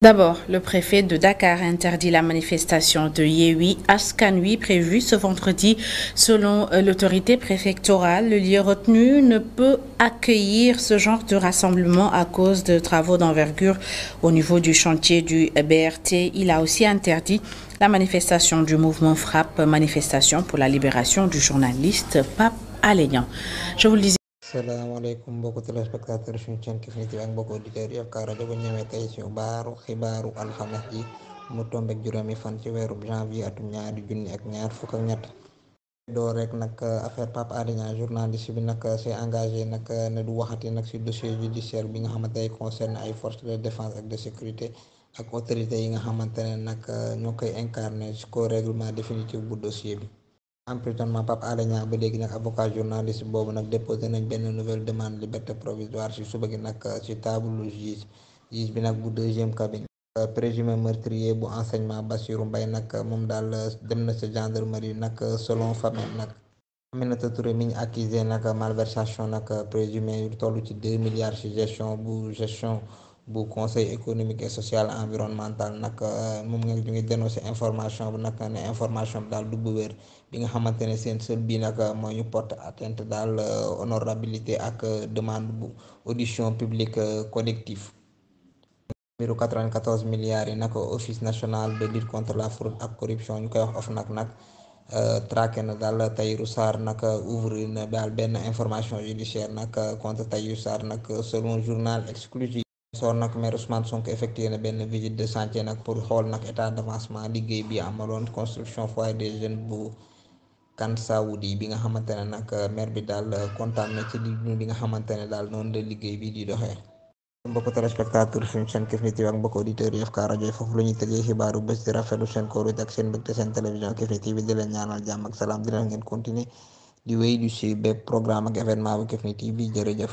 D'abord, le préfet de Dakar interdit la manifestation de Yehui Askanui prévue ce vendredi. Selon euh, l'autorité préfectorale, le lieu retenu ne peut accueillir ce genre de rassemblement à cause de travaux d'envergure au niveau du chantier du BRT. Il a aussi interdit la manifestation du mouvement Frappe, manifestation pour la libération du journaliste Pape Alénian. Je vous salaamaaleykum mbokku téléspectateur suñu chaîne Kifne TV ak mbokku auditeurs yi Afka rajo bu ñëwee tey ci baaru xibaaru alxames ji mu tombeek juróomi fan ci weeru janvier atum ñaari junni ak ñaar fukk ak ñett doo rek nag euh, affaire Pape Alé Niang journaliste bi nag euh, s'est engagé nag euh, ne du waxati nag ci dossier judiciaire bi nga xamante ne concerne ay force de défense ak de sécurité ak autorités yi nga xamante ne nag ñoo koy incarné ci ko règlement définitif bu dossier bi emprisonnement Pape Alé Niang ba léegi nag avocat journaliste boobu nag déposé nañ benn nouvelle demande liberté provisoire ci suba gi nag ci table juge juge bi nag bu deuxième cabinet présumé meurtrier bu enseignement Bassirou mbay nag moom daal dem na sa gendarmerie nag selon famille nag Aminata Touré mi ñu accusé nag malversation nag présumé yu toll ci deux milliards ci gestion bu gestion bu conseil économique et social environnemental nak eh, mom nga ñu ngi dénoncé information bu nak ne information dal du bu wër bi nga xamantene ne seen sol bi nak eh, mo ñu porte atteinte dal eh, honorabilité ak demande bu audition publique collectif numéro 94 milliards nak office national de lutte contre la fraude ak corruption ñu koy wax of nak nak traqué na dal tay Sarr nak ouvrir na dal ben information judiciaire nak contre tay Sarr nak selon journal exclusif soo nag maire Ousmane sonk effectué na benn visite de chantier nag pour xool nag état d'avancement liggéey bi amaloon construction foyer des jeunes bu kan saoudi bi nga xamantene ne nag maire bi daal kontaan na ci li nga xamantene ne daal noonu la liggéey bi di doxee. mbokk téléspectateur suñu seen Kifne TV ak mbokk auditeur yi FK rajo foofu lu ñuy tëjee xibaaru bés di rafetlu seen kóolute ak seen mbégte seen télévision ni TV di leen ñaanal jàmm ak salaam dina ngeen continuer di wéy du si bépp programme ak événement bu Kifne TV jërëjëf.